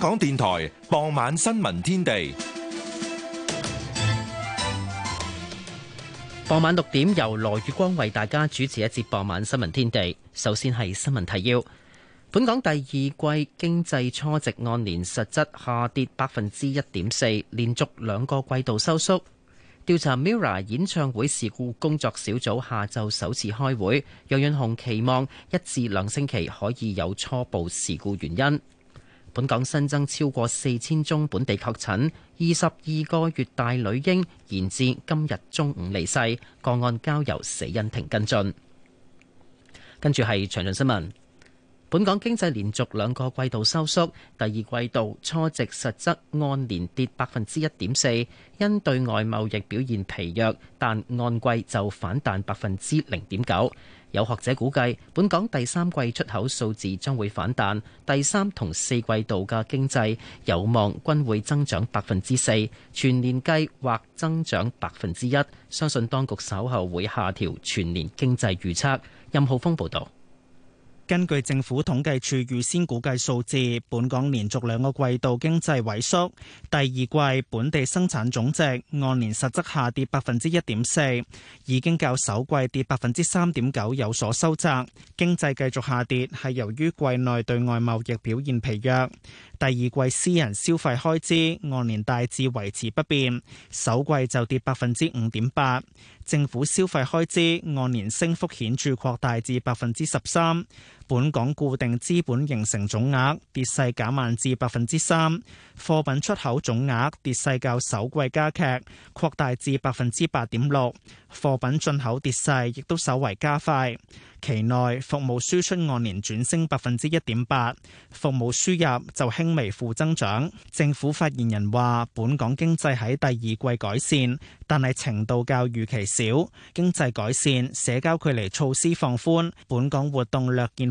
香港電台傍晚新聞天地，傍晚六點由羅月光為大家主持一節傍晚新聞天地。首先係新聞提要：本港第二季經濟初值按年實質下跌百分之一點四，連續兩個季度收縮。調查 MIRROR 演唱會事故工作小組下晝首次開會，楊潤雄期望一至兩星期可以有初步事故原因。本港新增超過四千宗本地確診，二十二個月大女嬰，延至今日中午離世，個案交由死因庭跟進。跟住係詳盡新聞。本港經濟連續兩個季度收縮，第二季度初值實質按年跌百分之一點四，因對外貿易表現疲弱，但按季就反彈百分之零點九。有學者估計，本港第三季出口數字將會反彈，第三同四季度嘅經濟有望均會增長百分之四，全年計或增長百分之一。相信當局稍後會下調全年經濟預測。任浩峰報導。根據政府統計處預先估計數字，本港連續兩個季度經濟萎縮。第二季本地生產總值按年實質下跌百分之一點四，已經較首季跌百分之三點九有所收窄。經濟繼續下跌係由於季內對外貿易表現疲弱。第二季私人消費開支按年大致維持不變，首季就跌百分之五點八。政府消費開支按年升幅顯著擴大至百分之十三。本港固定資本形成總額跌勢減慢至百分之三，貨品出口總額跌勢較首季加劇，擴大至百分之八點六。貨品進口跌勢亦都稍為加快。期內服務輸出按年轉升百分之一點八，服務輸入就輕微負增長。政府發言人話：本港經濟喺第二季改善，但係程度較預期少。經濟改善，社交距離措施放寬，本港活動略見。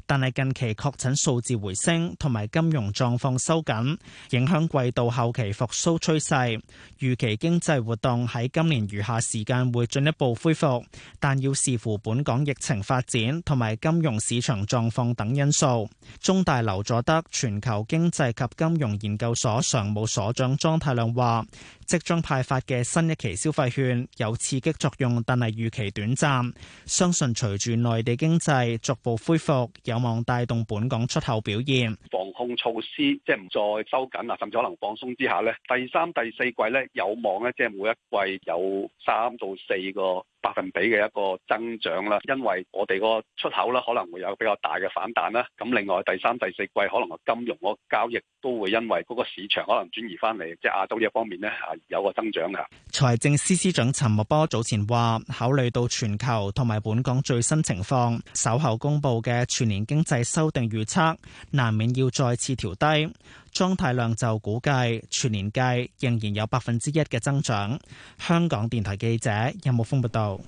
但係近期確診數字回升，同埋金融狀況收緊，影響季度後期復甦趨勢。預期經濟活動喺今年餘下時間會進一步恢復，但要視乎本港疫情發展同埋金融市場狀況等因素。中大劉佐德全球經濟及金融研究所常務所長莊太量話，即將派發嘅新一期消費券有刺激作用，但係預期短暫。相信隨住內地經濟逐步恢復，有望帶動本港出口表現，防控措施即係唔再收緊啊，甚至可能放鬆之下咧，第三、第四季咧有望咧，即係每一季有三到四個。百分比嘅一個增長啦，因為我哋個出口啦可能會有比較大嘅反彈啦。咁另外第三、第四季可能個金融個交易都會因為嗰個市場可能轉移翻嚟，即係亞洲呢一方面咧啊有個增長噶。財政司司長陳茂波早前話，考慮到全球同埋本港最新情況，稍後公布嘅全年經濟修訂預測難免要再次調低。莊太量就估計全年計仍然有百分之一嘅增長。香港電台記者任木峰報道，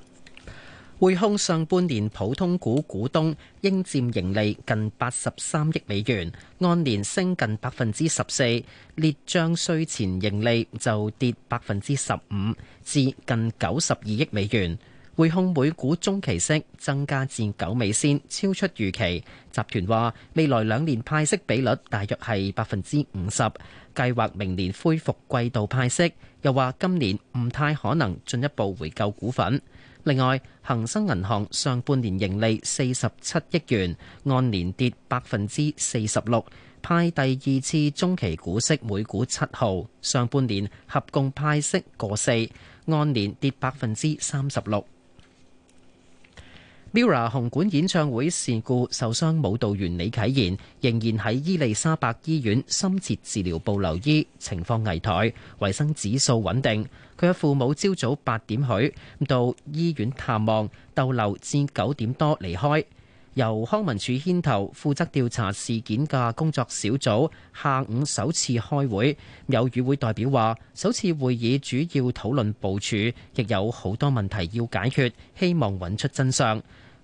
匯控上半年普通股股東應佔盈利近八十三億美元，按年升近百分之十四。列賬稅前盈利就跌百分之十五，至近九十二億美元。匯控每股中期息增加至九美仙，超出預期。集團話未來兩年派息比率大約係百分之五十，計劃明年恢復季度派息。又話今年唔太可能進一步回購股份。另外，恒生銀行上半年盈利四十七億元，按年跌百分之四十六，派第二次中期股息每股七毫。上半年合共派息個四，按年跌百分之三十六。Mirror 紅館演唱會事故受傷舞蹈員李啟言仍然喺伊利沙伯醫院深切治療部留醫，情況危殆，維生指數穩定。佢嘅父母朝早八點許到醫院探望，逗留至九點多離開。由康文署牽頭負責調查事件嘅工作小組下午首次開會，有與會代表話，首次會議主要討論部署，亦有好多問題要解決，希望揾出真相。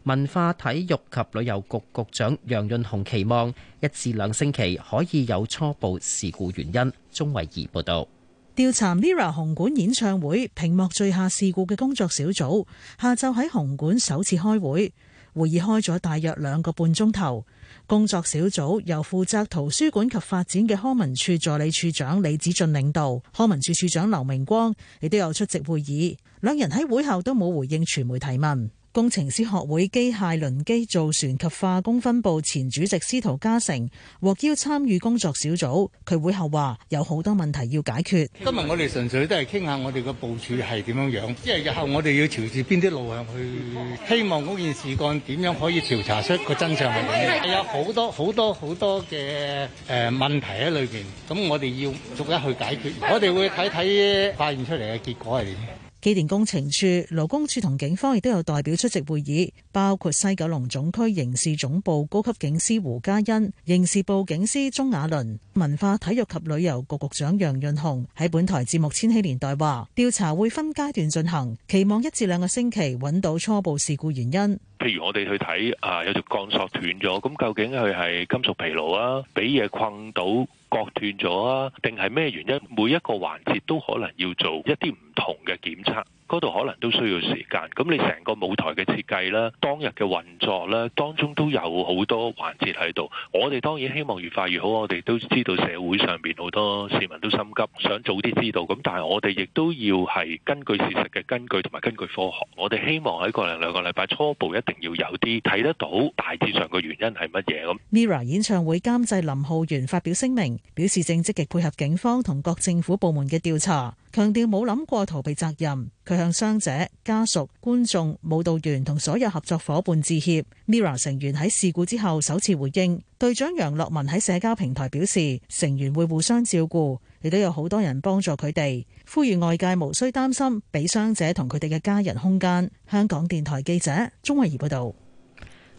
文化體育及旅遊局局長楊潤雄期望一至兩星期可以有初步事故原因。鐘偉儀報導，調查 Mirror 紅館演唱會屏幕墜下事故嘅工作小組下晝喺紅館首次開會，會議開咗大約兩個半鐘頭。工作小組由負責圖書館及發展嘅康文署助理處長李子俊領導，康文署處長劉明光亦都有出席會議。兩人喺會後都冇回應傳媒提問。工程師學會機械輪機造船及化工分部前主席司徒家成獲邀參與工作小組，佢會後話有好多問題要解決。今日我哋純粹都係傾下我哋個部署係點樣樣，即係日後我哋要朝住邊啲路向去。希望嗰件事幹點樣可以調查出個真相。有好多好多好多嘅、誒問題喺裏邊，咁我哋要逐一去解決。我哋會睇睇發現出嚟嘅結果係點。機電工程處、勞工處同警方亦都有代表出席會議，包括西九龍總區刑事總部高級警司胡嘉欣、刑事部警司鍾亞倫。文化體育及旅遊局局長楊潤雄喺本台節目《千禧年代》話，調查會分階段進行，期望一至兩個星期搵到初步事故原因。譬如我哋去睇啊，有條鋼索斷咗，咁究竟佢係金屬疲勞啊，俾嘢困到割斷咗啊，定係咩原因？每一個環節都可能要做一啲唔同嘅檢測。嗰度可能都需要時間，咁你成個舞台嘅設計啦、當日嘅運作啦，當中都有好多環節喺度。我哋當然希望越快越好，我哋都知道社會上邊，好多市民都心急，想早啲知道。咁但係我哋亦都要係根據事實嘅根據同埋根據科學，我哋希望喺過嚟兩個禮拜初步一定要有啲睇得到大致上嘅原因係乜嘢咁。Mira 演唱會監製林浩源發表聲明，表示正積極配合警方同各政府部門嘅調查。強調冇諗過逃避責任，佢向傷者、家屬、觀眾、舞蹈員同所有合作伙伴致歉。Mira 成員喺事故之後首次回應，隊長楊樂文喺社交平台表示，成員會互相照顧，亦都有好多人幫助佢哋，呼籲外界無需擔心，俾傷者同佢哋嘅家人空間。香港電台記者鍾慧儀報道。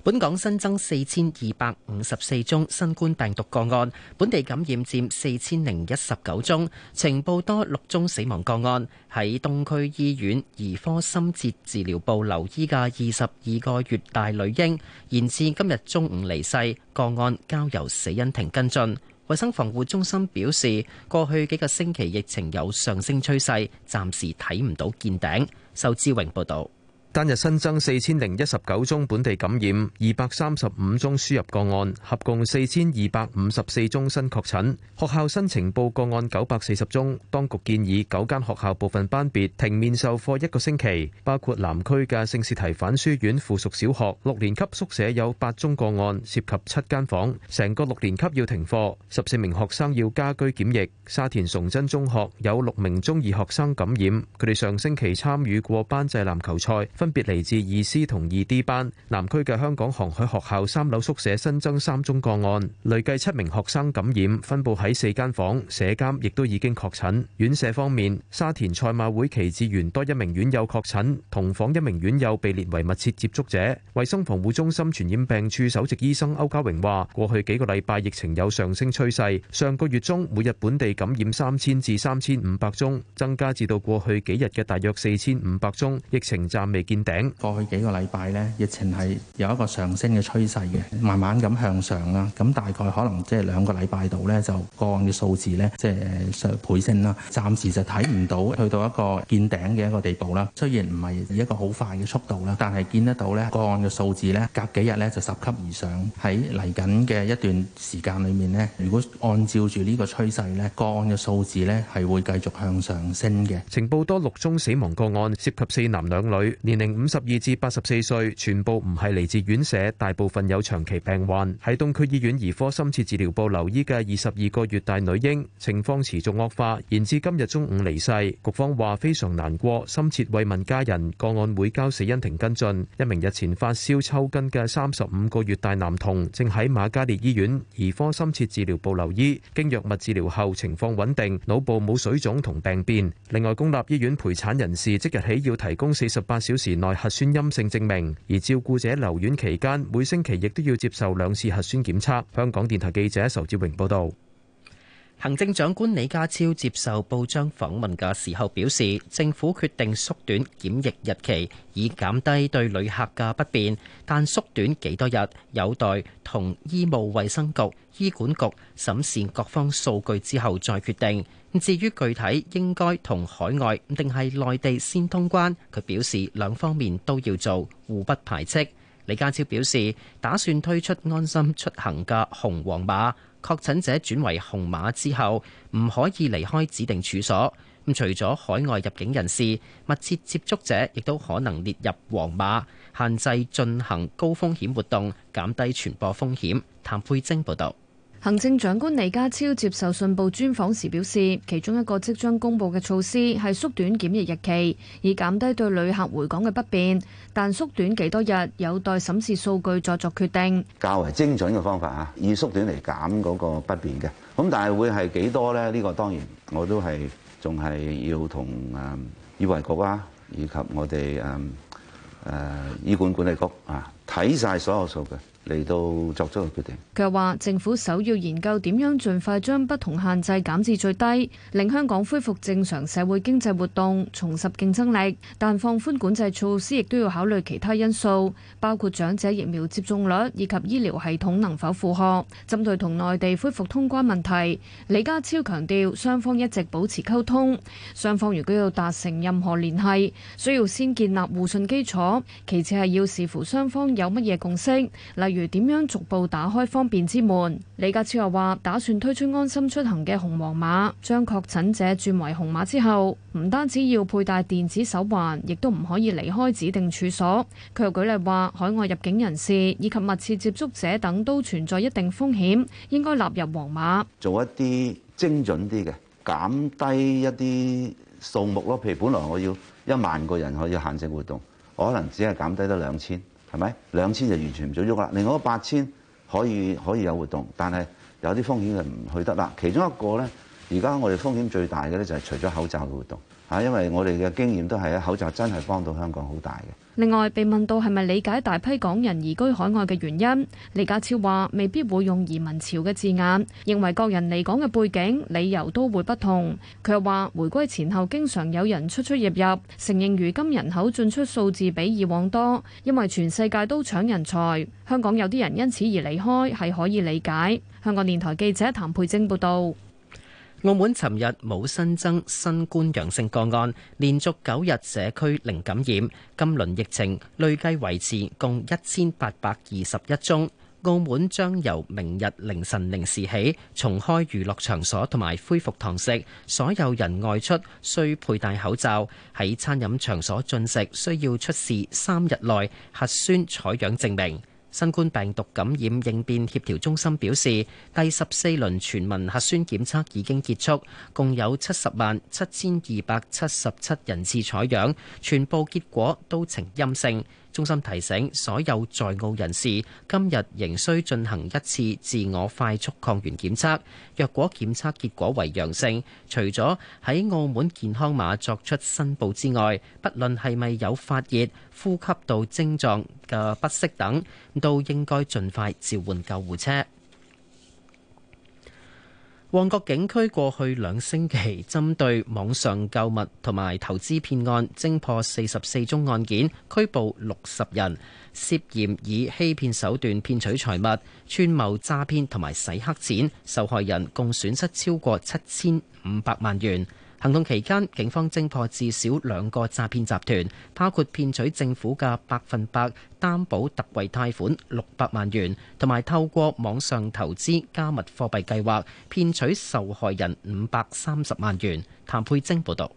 本港新增四千二百五十四宗新冠病毒個案，本地感染佔四千零一十九宗，呈報多六宗死亡個案。喺東區醫院兒科深切治療部留醫嘅二十二個月大女嬰，延至今日中午離世，個案交由死因庭跟進。衛生防護中心表示，過去幾個星期疫情有上升趨勢，暫時睇唔到見頂。仇志榮報道。單日新增四千零一十九宗本地感染，二百三十五宗輸入個案，合共四千二百五十四宗新確診。學校申情報個案九百四十宗，當局建議九間學校部分班別停面授課一個星期，包括南區嘅聖士提反書院附屬小學。六年級宿舍有八宗個案，涉及七間房，成個六年級要停課，十四名學生要家居檢疫。沙田崇真中學有六名中二學生感染，佢哋上星期參與過班際籃球賽。分別嚟自二 C 同二 D 班，南區嘅香港航海學校三樓宿舍新增三宗個案，累計七名學生感染，分佈喺四間房，舍監亦都已經確診。院舍方面，沙田賽馬會耆智園多一名院友確診，同房一名院友被列為密切接觸者。衞生防護中心傳染病處首席醫生歐家榮話，過去幾個禮拜疫情有上升趨勢，上個月中每日本地感染三千至三千五百宗，增加至到過去幾日嘅大約四千五百宗，疫情暫未見頂。過去幾個禮拜呢，疫情係有一個上升嘅趨勢嘅，慢慢咁向上啦。咁大概可能即係兩個禮拜度呢，就個案嘅數字呢，即係上倍升啦。暫時就睇唔到去到一個見頂嘅一個地步啦。雖然唔係以一個好快嘅速度啦，但係見得到呢，個案嘅數字呢，隔幾日呢就拾級而上。喺嚟緊嘅一段時間裏面呢，如果按照住呢個趨勢呢，個案嘅數字呢係會繼續向上升嘅。情報多六宗死亡個案，涉及四男兩女，年零五十二至八十四歲，全部唔係嚟自院舍，大部分有長期病患。喺東區醫院兒科深切治療部留醫嘅二十二個月大女嬰，情況持續惡化，延至今日中午離世。局方話非常難過，深切慰問家人。個案會交死因庭跟進。一名日前發燒抽筋嘅三十五個月大男童，正喺瑪嘉烈醫院兒科深切治療部留醫，經藥物治療後情況穩定，腦部冇水腫同病變。另外，公立醫院陪產人士即日起要提供四十八小時年內核酸陰性證明，而照顧者留院期間每星期亦都要接受兩次核酸檢測。香港電台記者仇志榮報道。行政長官李家超接受報章訪問嘅時候表示，政府決定縮短檢疫日期，以減低對旅客嘅不便。但縮短幾多日，有待同醫務衛生局、醫管局審視各方數據之後再決定。咁至於具體應該同海外定係內地先通關，佢表示兩方面都要做，互不排斥。李家超表示，打算推出安心出行嘅紅黃碼。確診者轉為紅碼之後，唔可以離開指定處所。咁除咗海外入境人士，密切接觸者亦都可能列入黃碼，限制進行高風險活動，減低傳播風險。譚佩晶報導。行政長官李家超接受信報專訪時表示，其中一個即將公布嘅措施係縮短檢疫日期，以減低對旅客回港嘅不便。但縮短幾多日，有待審視數據再作決定。較為精準嘅方法啊，以縮短嚟減嗰個不便嘅。咁但係會係幾多呢？呢個當然我都係仲係要同誒醫衛局啊，以及我哋誒誒醫管管理局啊睇晒所有數據。嚟到作出決定。佢又話：政府首要研究點樣盡快將不同限制減至最低，令香港恢復正常社會經濟活動，重拾競爭力。但放寬管制措施亦都要考慮其他因素，包括長者疫苗接種率以及醫療系統能否負荷。針對同內地恢復通關問題，李家超強調，雙方一直保持溝通。雙方如果要達成任何聯繫，需要先建立互信基礎，其次係要視乎雙方有乜嘢共識，例如例如點樣逐步打開方便之門？李家超又話，打算推出安心出行嘅紅黃碼，將確診者轉為紅碼之後，唔單止要佩戴電子手環，亦都唔可以離開指定處所。佢又舉例話，海外入境人士以及密切接觸者等都存在一定風險，應該納入黃碼，做一啲精準啲嘅，減低一啲數目咯。譬如本來我要一萬個人可以限制活動，我可能只係減低咗兩千。係咪？兩千就完全唔做喐啦。另外八千可以可以有活動，但係有啲風險係唔去得啦。其中一個呢，而家我哋風險最大嘅呢，就係除咗口罩嘅活動吓，因為我哋嘅經驗都係咧，口罩真係幫到香港好大嘅。另外，被問到係咪理解大批港人移居海外嘅原因，李家超話未必會用移民潮嘅字眼，認為各人離港嘅背景、理由都會不同。佢又話，回歸前後經常有人出出入入，承認如今人口進出數字比以往多，因為全世界都搶人才，香港有啲人因此而離開，係可以理解。香港電台記者譚佩晶報道。澳門尋日冇新增新冠陽性個案，連續九日社區零感染。今輪疫情累計維持共一千八百二十一宗。澳門將由明日凌晨零時起重開娛樂場所，同埋恢復堂食。所有人外出需佩戴口罩，喺餐飲場所進食需要出示三日內核酸採樣證明。新冠病毒感染應變協調中心表示，第十四輪全民核酸檢測已經結束，共有七十萬七千二百七十七人次採樣，全部結果都呈陰性。中心提醒所有在澳人士，今日仍需進行一次自我快速抗原檢測。若果檢測結果為陽性，除咗喺澳門健康碼作出申報之外，不論係咪有發熱呼吸道症狀嘅不適等，都應該儘快召喚救護車。旺角警區過去兩星期針對網上購物同埋投資騙案，偵破四十四宗案件，拘捕六十人，涉嫌以欺騙手段騙取財物、串謀詐騙同埋洗黑錢，受害人共損失超過七千五百萬元。行動期間，警方偵破至少兩個詐騙集團，包括騙取政府嘅百分百擔保特惠貸款六百萬元，同埋透過網上投資加密貨幣計劃騙取受害人五百三十萬元。譚佩晶報道。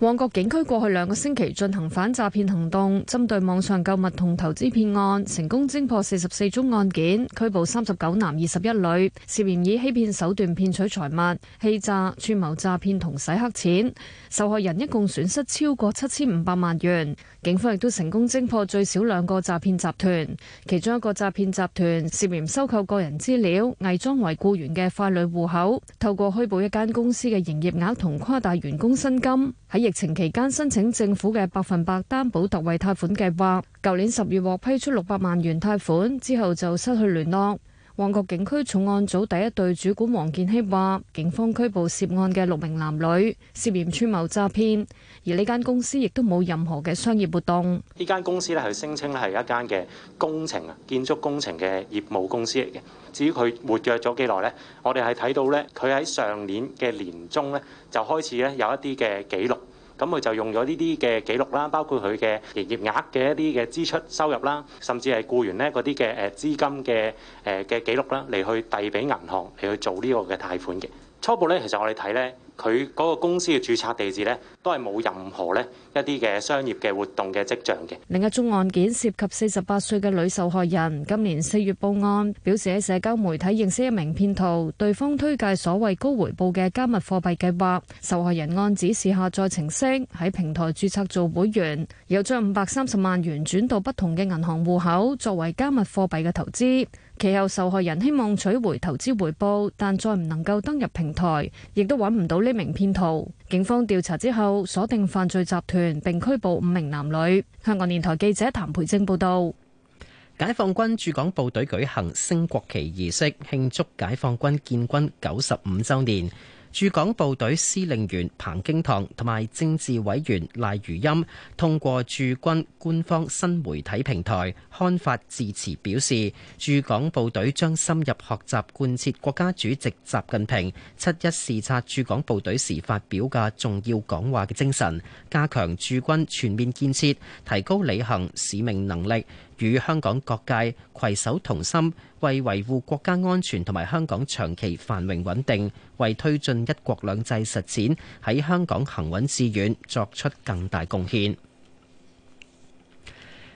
旺角警區過去兩個星期進行反詐騙行動，針對網上購物同投資騙案，成功偵破四十四宗案件，拘捕三十九男二十一女。涉嫌以欺騙手段騙取財物、欺詐、串謀詐騙同洗黑錢，受害人一共損失超過七千五百萬元。警方亦都成功偵破最少兩個詐騙集團，其中一個詐騙集團涉嫌收購個人資料，偽裝為僱員嘅傀儡戶口，透過虛報一間公司嘅營業額同誇大員工薪金，喺疫疫情期間申請政府嘅百分百擔保特惠貸款計劃，舊年十月獲批出六百萬元貸款之後就失去聯絡。旺角警區重案組第一隊主管黃建希話，警方拘捕涉案嘅六名男女，涉嫌串謀詐騙。而呢間公司亦都冇任何嘅商業活動。呢間公司咧係聲稱係一間嘅工程啊，建築工程嘅業務公司嚟嘅。至於佢活躍咗幾耐咧，我哋係睇到咧，佢喺上年嘅年中咧就開始咧有一啲嘅記錄。咁佢就用咗呢啲嘅記錄啦，包括佢嘅營業額嘅一啲嘅支出、收入啦，甚至係僱員咧嗰啲嘅誒資金嘅誒嘅記錄啦，嚟去遞俾銀行嚟去做呢個嘅貸款嘅。初步咧，其實我哋睇咧。佢嗰個公司嘅註冊地址咧，都係冇任何咧一啲嘅商業嘅活動嘅跡象嘅。另一宗案件涉及四十八歲嘅女受害人，今年四月報案，表示喺社交媒體認識一名騙徒，對方推介所謂高回報嘅加密貨幣計劃，受害人按指示下載程式，喺平台註冊做會員，又將五百三十萬元轉到不同嘅銀行戶口作為加密貨幣嘅投資。其後受害人希望取回投資回報，但再唔能夠登入平台，亦都揾唔到呢名騙徒。警方調查之後，鎖定犯罪集團，並拘捕五名男女。香港電台記者譚培正報道：解放軍駐港部隊舉行升國旗儀式，慶祝解放軍建軍九十五周年。駐港部隊司令員彭京堂同埋政治委員賴如欽通過駐軍官方新媒體平台刊發致辭，表示駐港部隊將深入學習貫徹國家主席習近平七一視察駐港部隊時發表嘅重要講話嘅精神，加強駐軍全面建設，提高履行使命能力。與香港各界攜手同心，為維護國家安全同埋香港長期繁榮穩定，為推進一國兩制實踐，喺香港行穩致遠，作出更大貢獻。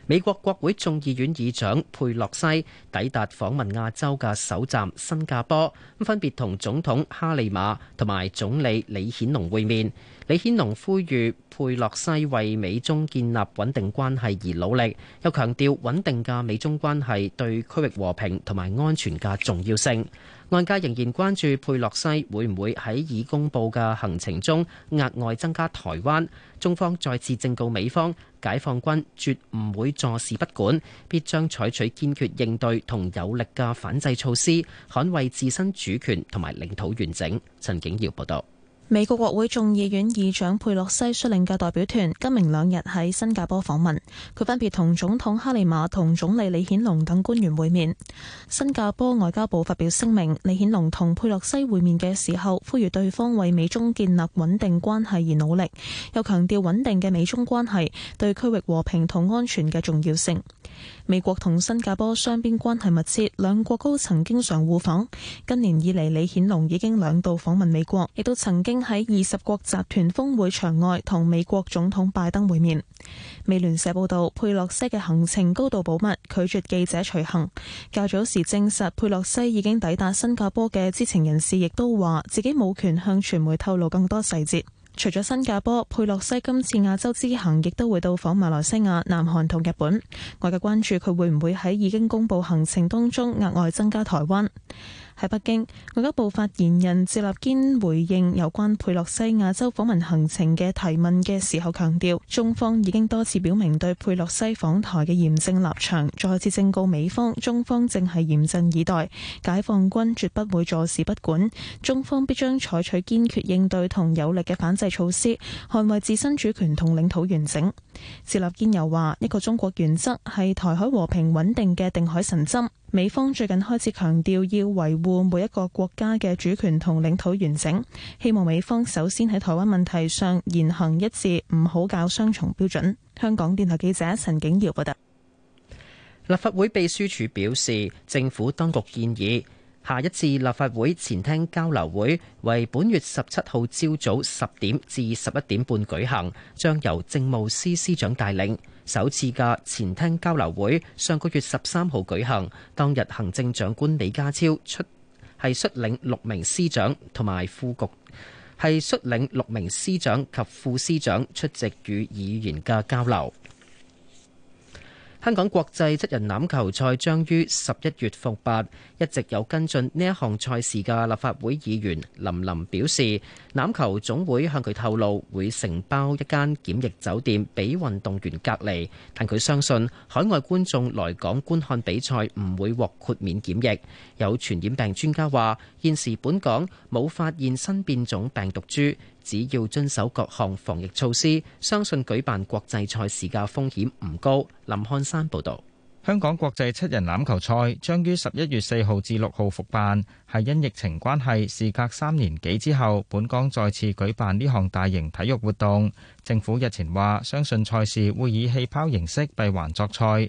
美國國會眾議院議長佩洛西抵達訪問亞洲嘅首站新加坡，分別同總統哈利馬同埋總理李顯龍會面。李顯龍呼籲佩洛西為美中建立穩定關係而努力，又強調穩定嘅美中關係對區域和平同埋安全嘅重要性。外界仍然關注佩洛西會唔會喺已公佈嘅行程中額外增加台灣。中方再次正告美方。解放軍絕唔會坐視不管，必將採取堅決應對同有力嘅反制措施，捍衛自身主權同埋領土完整。陳景堯報道。美國國會眾議院議長佩洛西率領嘅代表團今明兩日喺新加坡訪問，佢分別同總統哈莉瑪同總理李顯龍等官員會面。新加坡外交部發表聲明，李顯龍同佩洛西會面嘅時候，呼籲對方為美中建立穩定關係而努力，又強調穩定嘅美中關係對區域和平同安全嘅重要性。美國同新加坡雙邊關係密切，兩國高層經常互訪。今年以嚟，李顯龍已經兩度訪問美國，亦都曾經喺二十國集團峰會場外同美國總統拜登會面。美聯社報道，佩洛西嘅行程高度保密，拒絕記者隨行。較早時證實佩洛西已經抵達新加坡嘅知情人士，亦都話自己冇權向傳媒透露更多細節。除咗新加坡，佩洛西今次亞洲之行亦都會到訪馬來西亞、南韓同日本。外界關注佢會唔會喺已經公佈行程當中額外增加台灣。喺北京，外交部發言人趙立堅回應有關佩洛西亞洲訪問行程嘅提問嘅時候，強調中方已經多次表明對佩洛西訪台嘅嚴正立場，再次正告美方，中方正係嚴陣以待，解放軍絕不會坐視不管，中方必將採取堅決應對同有力嘅反制措施，捍衛自身主權同領土完整。謝立堅又話：一個中國原則係台海和平穩定嘅定海神針。美方最近開始強調要維護每一個國家嘅主權同領土完整，希望美方首先喺台灣問題上言行一致，唔好搞雙重標準。香港電台記者陳景瑤報道。立法會秘書處表示，政府當局建議。下一次立法會前廳交流會為本月十七號朝早十點至十一點半舉行，將由政務司司長帶領。首次嘅前廳交流會上個月十三號舉行，當日行政長官李家超出係率領六名司長同埋副局係率領六名司長及副司長出席與議員嘅交流。香港國際七人欖球賽將於十一月復辦，一直有跟進呢一項賽事嘅立法會議員林琳表示，欖球總會向佢透露會承包一間檢疫酒店俾運動員隔離，但佢相信海外觀眾來港觀看比賽唔會獲豁免檢疫。有傳染病專家話，現時本港冇發現新變種病毒株。只要遵守各項防疫措施，相信舉辦國際賽事嘅風險唔高。林漢山報道，香港國際七人欖球賽將於十一月四號至六號復辦，係因疫情關係，事隔三年幾之後本港再次舉辦呢項大型體育活動，政府日前話相信賽事會以氣泡形式閉環作賽。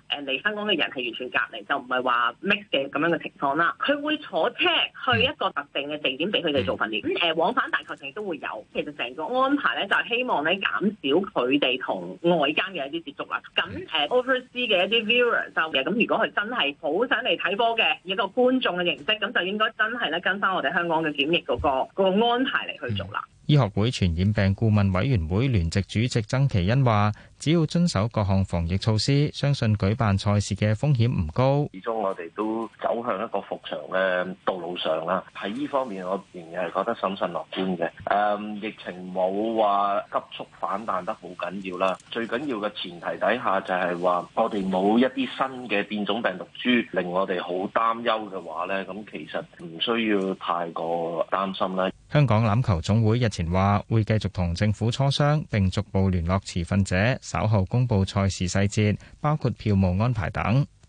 誒嚟香港嘅人係完全隔離，就唔係話 mix 嘅咁樣嘅情況啦。佢會坐車去一個特定嘅地點俾佢哋做訓練，咁、呃、誒往返大球城都會有。其實成個安排咧就係、是、希望咧減少佢哋同外間嘅一啲接觸啦。咁誒、呃、overseas 嘅一啲 viewer 就嘅，咁如果佢真係好想嚟睇波嘅，一個觀眾嘅形式，咁就應該真係咧跟翻我哋香港嘅檢疫嗰個嗰個安排嚟去做啦。醫學會傳染病顧問委員會聯席主席曾其恩話：只要遵守各項防疫措施，相信舉辦賽事嘅風險唔高。始終我哋都走向一個復常嘅道路上啦，喺呢方面我仍然係覺得審慎樂觀嘅。誒，疫情冇話急速反彈得好緊要啦，最緊要嘅前提底下就係話我哋冇一啲新嘅變種病毒株令我哋好擔憂嘅話咧，咁其實唔需要太過擔心啦。香港欖球總會日前話會繼續同政府磋商，並逐步聯絡持份者，稍後公布賽事細節，包括票務安排等。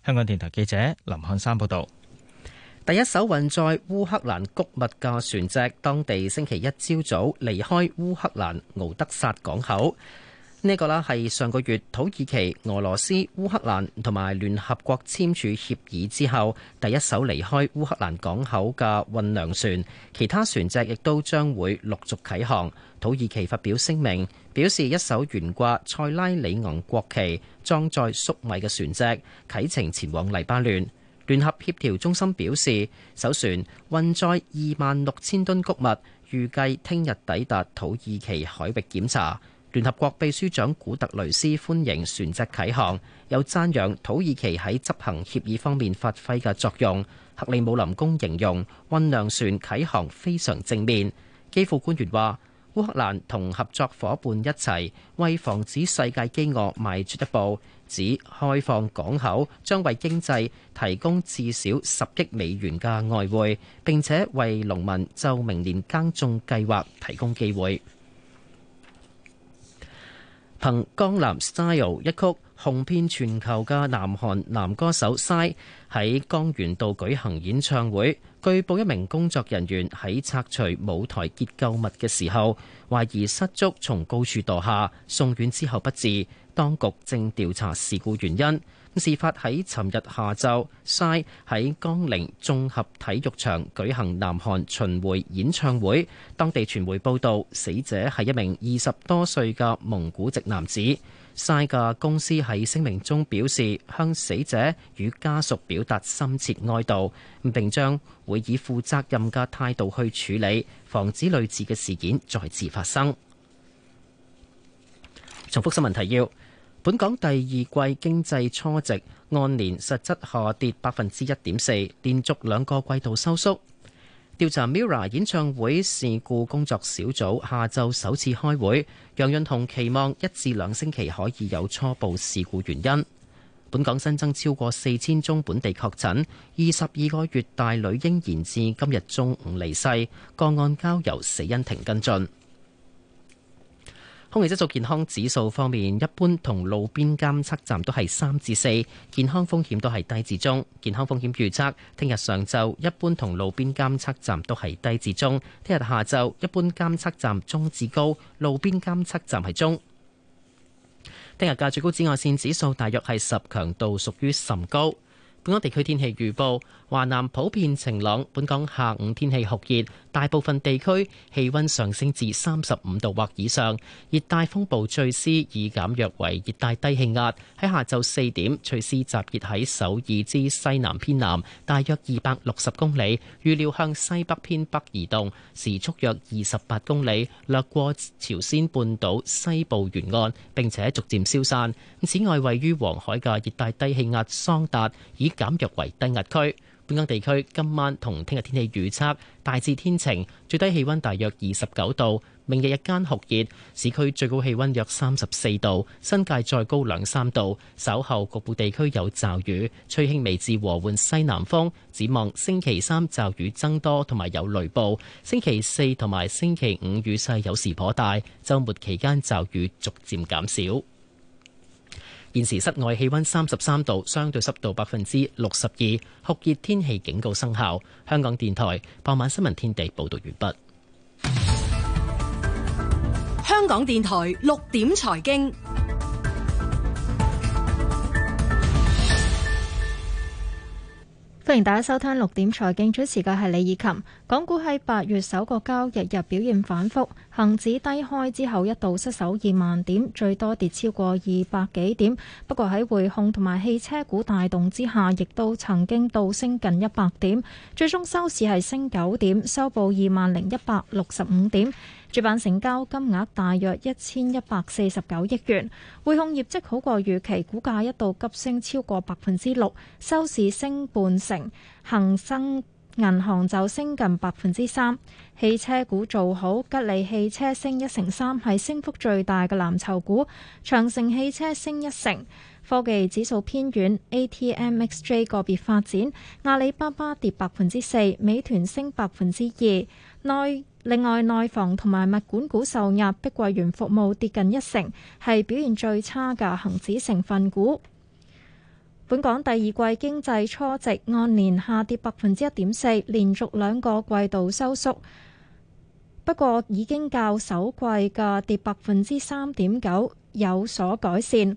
香港電台記者林漢山報道。第一艘運載烏克蘭谷物嘅船隻，當地星期一朝早離開烏克蘭敖德薩港口。呢個啦係上個月土耳其、俄羅斯、烏克蘭同埋聯合國簽署協議之後第一艘離開烏克蘭港口嘅運糧船，其他船隻亦都將會陸續啟航。土耳其發表聲明表示，一艘懸掛塞拉利昂國旗、裝載粟米嘅船隻啟程前往黎巴嫩。聯合協調中心表示，首船運載二萬六千噸穀物，預計聽日抵達土耳其海域檢查。聯合國秘書長古特雷斯歡迎船隻啟航，有讚揚土耳其喺執行協議方面發揮嘅作用。克里姆林宮形容運糧船啟航非常正面。基輔官員話：烏克蘭同合作夥伴一齊為防止世界饑餓邁出一步，指開放港口將為經濟提供至少十億美元嘅外匯，並且為農民就明年耕種計劃提供機會。憑江南 style 一曲紅遍全球嘅南韓男歌手 PSY 喺江原道舉行演唱會，據報一名工作人員喺拆除舞台結構物嘅時候，懷疑失足從高處墮下，送院之後不治，當局正調查事故原因。事發喺尋日下晝，晒喺江寧綜合體育場舉行南韓巡回演唱會。當地傳媒報道，死者係一名二十多歲嘅蒙古籍男子。晒嘅公司喺聲明中表示，向死者與家屬表達深切哀悼，並將會以負責任嘅態度去處理，防止類似嘅事件再次發生。重複新聞提要。本港第二季經濟初值按年實質下跌百分之一點四，連續兩個季度收縮。調查 MIRROR 演唱會事故工作小組下晝首次開會，楊潤雄期望一至兩星期可以有初步事故原因。本港新增超過四千宗本地確診，二十二個月大女嬰延至今日中午離世，個案交由死因庭跟進。空氣質素健康指數方面，一般同路邊監測站都係三至四，健康風險都係低至中。健康風險預測：聽日上晝一般同路邊監測站都係低至中；聽日下晝一般監測站中至高，路邊監測站係中。聽日嘅最高紫外線指數大約係十，強度屬於甚高。本港地區天氣預報，華南普遍晴朗，本港下午天氣酷熱，大部分地區氣溫上升至三十五度或以上。熱帶風暴翠絲已減弱為熱帶低氣壓，喺下晝四點，翠絲集結喺首爾之西南偏南，大約二百六十公里，預料向西北偏北移動，時速約二十八公里，掠過朝鮮半島西部沿岸，並且逐漸消散。此外，位於黃海嘅熱帶低氣壓桑達，已減弱為低壓區。本港地區今晚同聽日天氣預測大致天晴，最低氣溫大約二十九度。明日日間酷熱，市區最高氣溫約三十四度，新界再高兩三度。稍後局部地區有驟雨，吹輕微至和緩西南風。展望星期三驟雨增多同埋有雷暴，星期四同埋星期五雨勢有時頗大，周末期間驟雨逐漸減少。現時室外氣溫三十三度，相對濕度百分之六十二，酷熱天氣警告生效。香港電台傍晚新聞天地報道完畢。香港電台六點財經。歡迎大家收聽六點財經，主持嘅係李以琴。港股喺八月首個交易日，日表現反覆，恒指低開之後一度失守二萬點，最多跌超過二百幾點。不過喺匯控同埋汽車股帶動之下，亦都曾經倒升近一百點，最終收市係升九點，收報二萬零一百六十五點。主板成交金額大約一千一百四十九億元，匯控業績好過預期，股價一度急升超過百分之六，收市升半成。恒生銀行就升近百分之三，汽車股做好，吉利汽車升一成三，係升幅最大嘅藍籌股。長城汽車升一成。科技指數偏軟，ATMXJ 個別發展，阿里巴巴跌百分之四，美團升百分之二。內另外，內房同埋物管股受壓，碧桂園服務跌近一成，係表現最差嘅恒指成分股。本港第二季經濟初值按年下跌百分之一點四，連續兩個季度收縮。不過已經較首季嘅跌百分之三點九有所改善。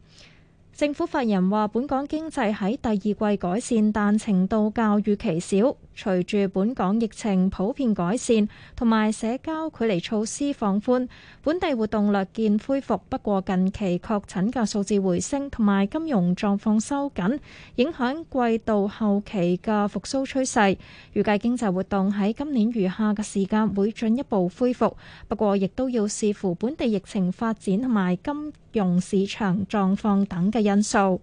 政府發言話，本港經濟喺第二季改善，但程度較預期少。隨住本港疫情普遍改善，同埋社交距離措施放寬，本地活動略見恢復。不過近期確診嘅數字回升，同埋金融狀況收緊影響季度後期嘅復甦趨勢，預計經濟活動喺今年餘下嘅時間會進一步恢復。不過亦都要視乎本地疫情發展同埋金。用市場狀況等嘅因素，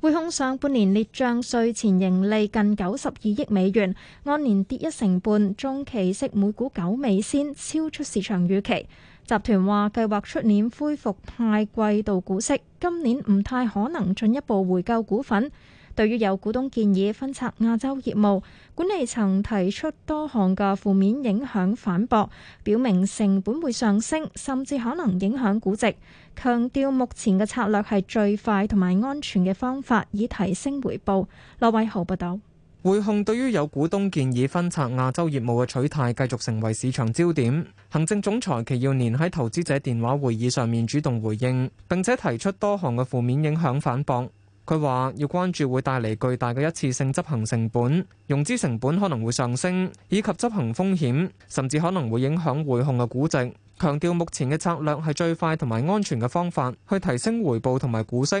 匯控上半年列賬稅前盈利近九十二億美元，按年跌一成半，中期息每股九美仙，超出市場預期。集團話計劃出年恢復派季度股息，今年唔太可能進一步回購股份。對於有股東建議分拆亞洲業務，管理層提出多項嘅負面影響反駁，表明成本會上升，甚至可能影響估值。強調目前嘅策略係最快同埋安全嘅方法，以提升回報。羅偉豪報導，匯控對於有股東建議分拆亞洲業務嘅取態，繼續成為市場焦點。行政總裁祁耀年喺投資者電話會議上面主動回應，並且提出多項嘅負面影響反駁。佢話：要關注會帶嚟巨大嘅一次性執行成本、融資成本可能會上升，以及執行風險，甚至可能會影響匯控嘅估值。強調目前嘅策略係最快同埋安全嘅方法，去提升回報同埋股息。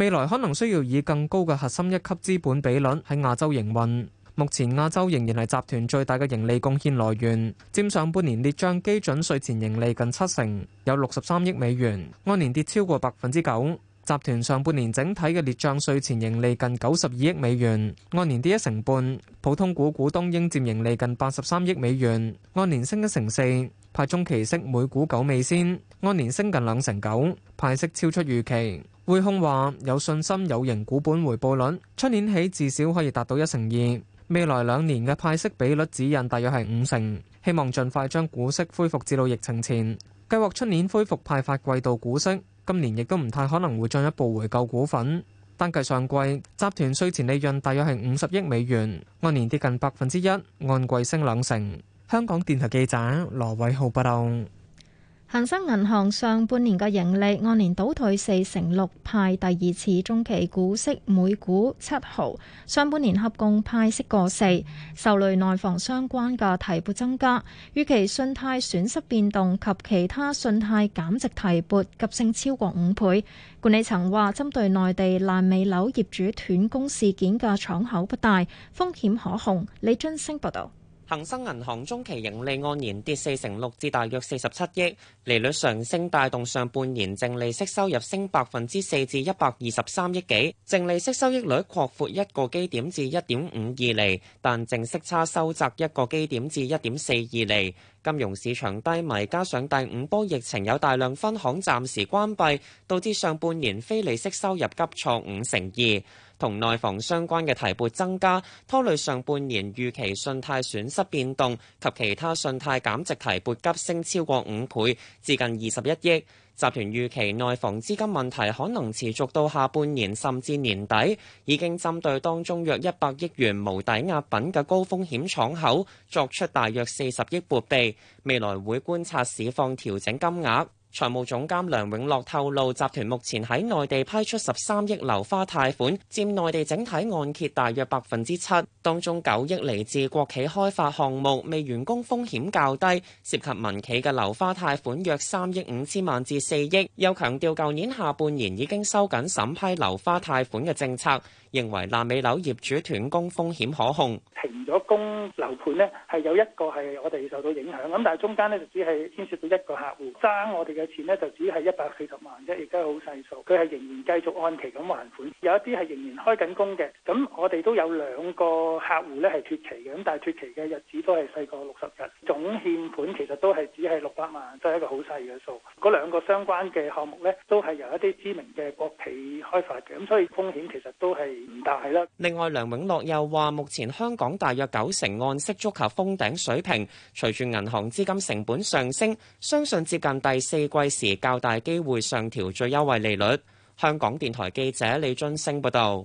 未來可能需要以更高嘅核心一級資本比率喺亞洲營運。目前亞洲仍然係集團最大嘅盈利貢獻來源，佔上半年列賬基準稅前盈利近七成，有六十三億美元，按年跌超過百分之九。集團上半年整體嘅列賬稅前盈利近九十二億美元，按年跌一成半。普通股股東應佔盈利近八十三億美元，按年升一成四。派中期息每股九美仙，按年升近兩成九，派息超出預期。匯控話有信心有形股本回報率，出年起至少可以達到一成二，未來兩年嘅派息比率指引大約係五成，希望盡快將股息恢復至到疫情前，計劃出年恢復派發季度股息，今年亦都唔太可能會進一步回購股份。單計上季，集團稅前利潤大約係五十億美元，按年跌近百分之一，按季升兩成。香港電台記者羅偉浩報道。恒生銀行上半年嘅盈利按年倒退四成六，派第二次中期股息每股七毫，上半年合共派息過四。受累內房相關嘅提撥增加，預期信貸損失變動及其他信貸減值提撥急升超過五倍。管理層話，針對內地爛尾樓業主斷供事件嘅敞口不大，風險可控。李津升報道。恒生銀行中期盈利按年跌四成六，至大約四十七億，利率上升帶動上半年淨利息收入升百分之四至一百二十三億幾，淨利息收益率擴闊一個基點至一點五二厘，但淨息差收窄一個基點至一點四二厘。金融市場低迷，加上第五波疫情有大量分行暫時關閉，導致上半年非利息收入急挫五成二。同內房相關嘅提撥增加，拖累上半年預期信貸損失變動及其他信貸減值提撥急升超過五倍，至近二十一億。集團預期內房資金問題可能持續到下半年甚至年底，已經針對當中約一百億元無抵押品嘅高風險敞口作出大約四十億撥備，未來會觀察市況調整金額。財務總監梁永樂透露，集團目前喺內地批出十三億樓花貸款，佔內地整體按揭大約百分之七。當中九億嚟自國企開發項目，未完工風險較低；涉及民企嘅樓花貸款約三億五千萬至四億。又強調，舊年下半年已經收緊審批樓花貸款嘅政策，認為爛尾樓業主斷供風險可控。停咗工樓盤呢，係有一個係我哋受到影響。咁但係中間呢就只係牽涉到一個客戶爭我哋嘅嘅錢咧就只係一百四十萬啫，亦都係好細數。佢係仍然繼續按期咁還款，有一啲係仍然開緊工嘅。咁我哋都有兩個客戶咧係脫期嘅，咁但係脫期嘅日子都係細過六十日。總欠款其實都係只係六百萬，都係一個好細嘅數。嗰兩個相關嘅項目咧都係由一啲知名嘅國企開發嘅，咁所以風險其實都係唔大啦。另外，梁永樂又話：目前香港大約九成按息觸及封頂水平，隨住銀行資金成本上升，相信接近第四季時較大機會上調最優惠利率。香港電台記者李津升報道。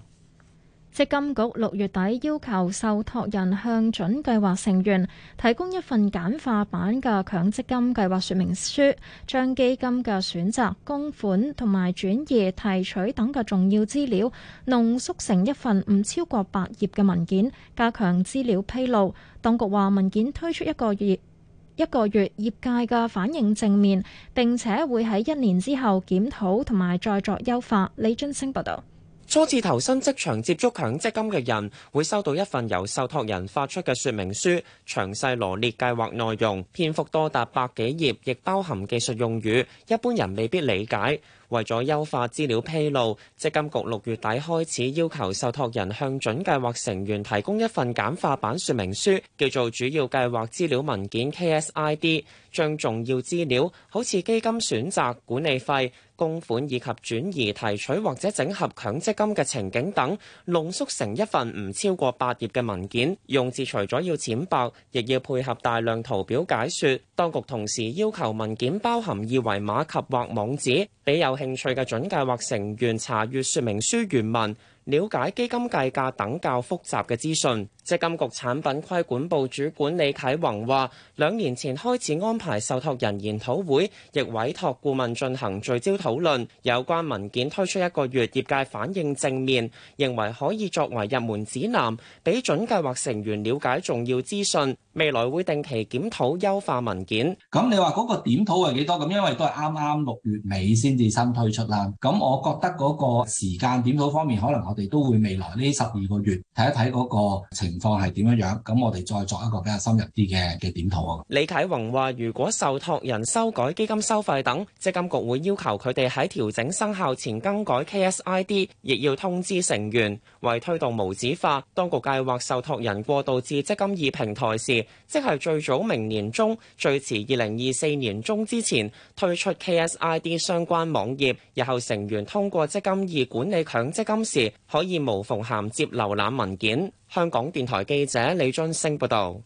積金局六月底要求受託人向準計劃成員提供一份簡化版嘅強積金計劃說明書，將基金嘅選擇、供款同埋轉移、提取等嘅重要資料濃縮成一份唔超過百頁嘅文件，加強資料披露。當局話文件推出一個月一個月業界嘅反應正面，並且會喺一年之後檢討同埋再作優化。李津星報導。初次投身職場接觸強積金嘅人會收到一份由受託人發出嘅說明書，詳細羅列計劃內容，篇幅多達百幾頁，亦包含技術用語，一般人未必理解。為咗優化資料披露，積金局六月底開始要求受託人向準計劃成員提供一份簡化版說明書，叫做主要計劃資料文件 （KSID），將重要資料好似基金選擇管理費。供款以及轉移提取或者整合強積金嘅情景等，濃縮成一份唔超過八頁嘅文件。用字除咗要淺白，亦要配合大量圖表解說，當局同時要求文件包含二維碼及或網址，俾有興趣嘅準計劃成員查閱說明書原文，了解基金計價等較複雜嘅資訊。積金局產品規管部主管李啟宏話：兩年前開始安排受託人研討會，亦委託顧問進行聚焦討論。有關文件推出一個月，業界反應正面，認為可以作為入門指南，俾準計劃成員了解重要資訊。未來會定期檢討優化文件。咁你話嗰個檢討係幾多？咁因為都係啱啱六月尾先至新推出啦。咁我覺得嗰個時間檢討方面，可能我哋都會未來呢十二個月睇一睇嗰個情情況係點樣樣？咁我哋再作一個比較深入啲嘅嘅檢討。李啟宏話，如果受託人修改基金收費等，積金局會要求佢哋喺調整生效前更改 K S I D，亦要通知成員。為推動無紙化，當局計劃受託人過渡至積金二平台時，即係最早明年中，最遲二零二四年中之前推出 K S I D 相關網頁，日後成員通過積金二管理強積金時，可以無縫銜接瀏覽文件。香港電台記者李俊升報道，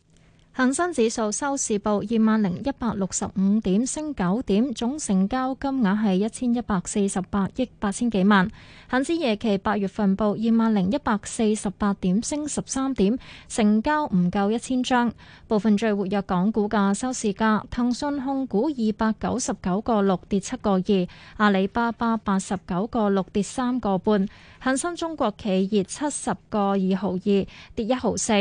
恒生指數收市報二萬零一百六十五點，升九點，總成交金額係一千一百四十八億八千幾萬。恒指夜期八月份報二萬零一百四十八點，升十三點，成交唔夠一千張。部分最活躍港股價收市價，騰訊控股二百九十九個六跌七個二，阿里巴巴八十九個六跌三個半。恒生中國企業七十個二毫二跌一毫四，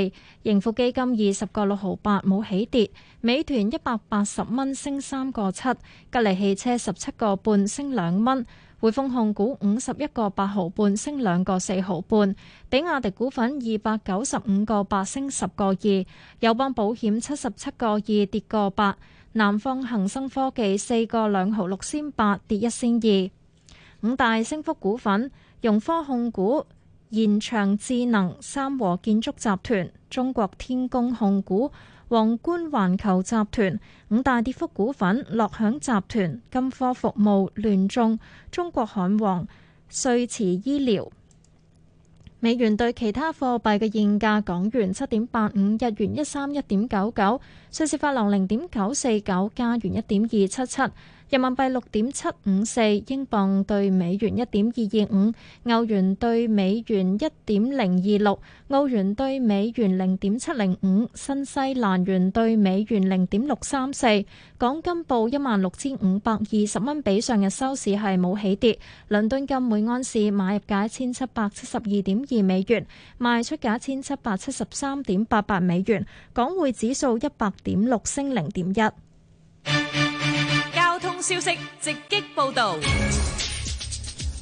盈富基金二十個六毫八冇起跌。美團一百八十蚊升三個七，吉利汽車十七個半升兩蚊，匯豐控股五十一個八毫半升兩個四毫半，比亞迪股份二百九十五個八升十個二，友邦保險七十七個二跌個八，南方恒生科技四個兩毫六仙八跌一仙二，五大升幅股份。融科控股、現場智能、三和建築集團、中國天工控股、皇冠環球集團。五大跌幅股份，樂享集團、金科服務、聯眾、中國罕王、瑞慈醫療。美元對其他貨幣嘅現價：港元七點八五，日元一三一點九九，瑞士法郎零點九四九，加元一點二七七。人民幣六點七五四，英鎊兌美元一點二二五，歐元兌美元一點零二六，澳元兌美元零點七零五，新西蘭元兌美元零點六三四。港金報一萬六千五百二十蚊，比上日收市係冇起跌。倫敦金每安士買入價一千七百七十二點二美元，賣出價一千七百七十三點八八美元。港匯指數一百點六升零點一。消息直擊報道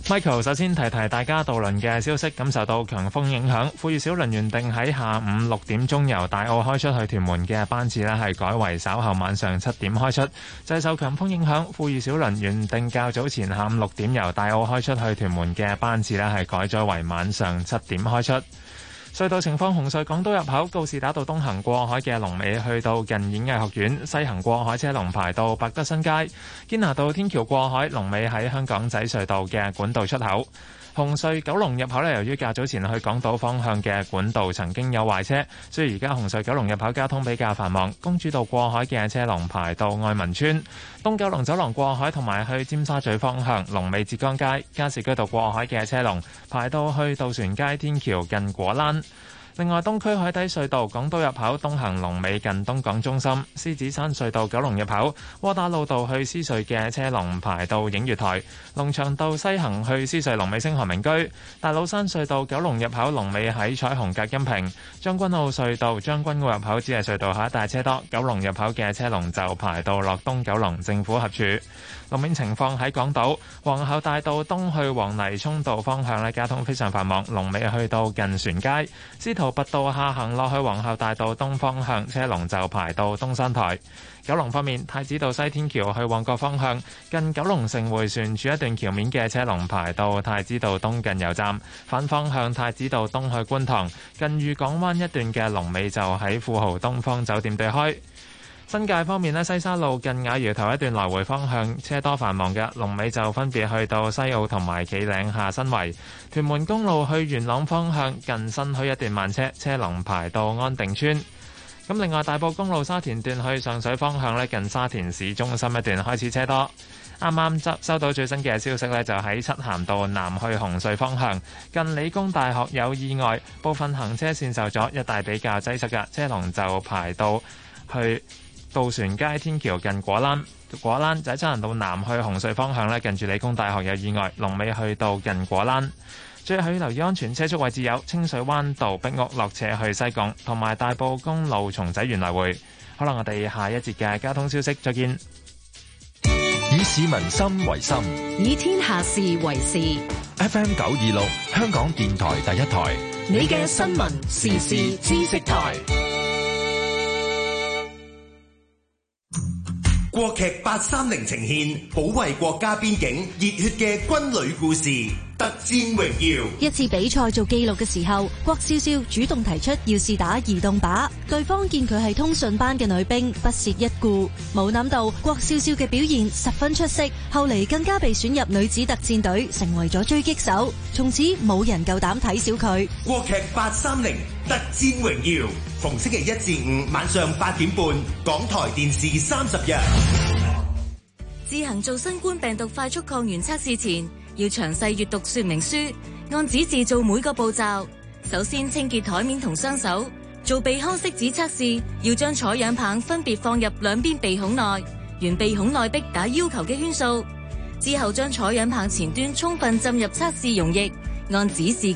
，Michael 首先提提大家渡輪嘅消息，感受到強風影響，富裕小輪原定喺下午六點鐘由大澳開出去屯門嘅班次咧，係改為稍後晚上七點開出。就係、是、受強風影響，富裕小輪原定較早前下午六點由大澳開出去屯門嘅班次咧，係改咗為晚上七點開出。隧道情況：紅隧港島入口，告士打道東行過海嘅龍尾去到近演藝學院；西行過海車龍排到百德新街。堅拿道天橋過海，龍尾喺香港仔隧道嘅管道出口。紅隧九龍入口咧，由於較早前去港島方向嘅管道曾經有壞車，所以而家紅隧九龍入口交通比較繁忙。公主道過海嘅車龍排到愛民村，東九龍走廊過海同埋去尖沙咀方向，龍尾浙江街。加士居道過海嘅車龍排到去渡船街天橋近果欄。另外，東區海底隧道港島入口東行龍尾近東港中心；獅子山隧道九龍入口，窩打老道去獅隧嘅車龍排到映月台；龍翔道西行去獅隧龍尾星河名居；大老山隧道九龍入口龍尾喺彩虹隔音屏；將軍澳隧道將軍澳入口只係隧道口大車多，九龍入口嘅車龍就排到落東九龍政府合署。路面情況喺港島皇后大道東去黃泥涌道方向呢，交通非常繁忙，龍尾去到近船街。司徒拔道下行落去皇后大道東方向，車龍就排到東山台。九龍方面，太子道西天橋去旺角方向，近九龍城迴旋處一段橋面嘅車龍排到太子道東近油站。反方向太子道東去觀塘，近御港灣一段嘅龍尾就喺富豪東方酒店對開。新界方面咧，西沙路近瓦窰頭一段來回方向車多繁忙嘅，龍尾就分別去到西澳同埋企嶺下新圍。屯門公路去元朗方向近新墟一段慢車，車龍排到安定村。咁另外大埔公路沙田段去上水方向咧，近沙田市中心一段開始車多。啱啱執收到最新嘅消息咧，就喺漆咸道南去紅隧方向，近理工大學有意外，部分行車綫受阻，一帶比較擠塞嘅，車龍就排到去。渡船街天橋近果欄，果欄仔喺青到南，去洪水方向咧，近住理工大學有意外。龍尾去到近果欄。最後要留意安全車速位置有清水灣道、壁屋落斜去西貢，同埋大埔公路松仔園來回。好啦，我哋下一節嘅交通消息，再見。以市民心為心，以天下事為事。FM 九二六，香港電台第一台，你嘅新聞時事知識台。國劇八三零呈現保衛國家邊境熱血嘅軍旅故事。特戰榮耀，一次比賽做記錄嘅時候，郭笑笑主動提出要試打移動靶，對方見佢係通訊班嘅女兵，不屑一顧。冇諗到郭笑笑嘅表現十分出色，後嚟更加被選入女子特戰隊，成為咗狙擊手。從此冇人夠膽睇小佢。國劇八三零特戰榮耀，逢星期一至五晚上八點半，港台電視三十日。自行做新冠病毒快速抗原測試前，要詳細閱讀說明書，按指示做每個步驟。首先清潔台面同雙手，做鼻腔拭子測試。要將採樣棒分別放入兩邊鼻孔內，沿鼻孔內壁打要求嘅圈數。之後將採樣棒前端充分浸入測試溶液，按指示。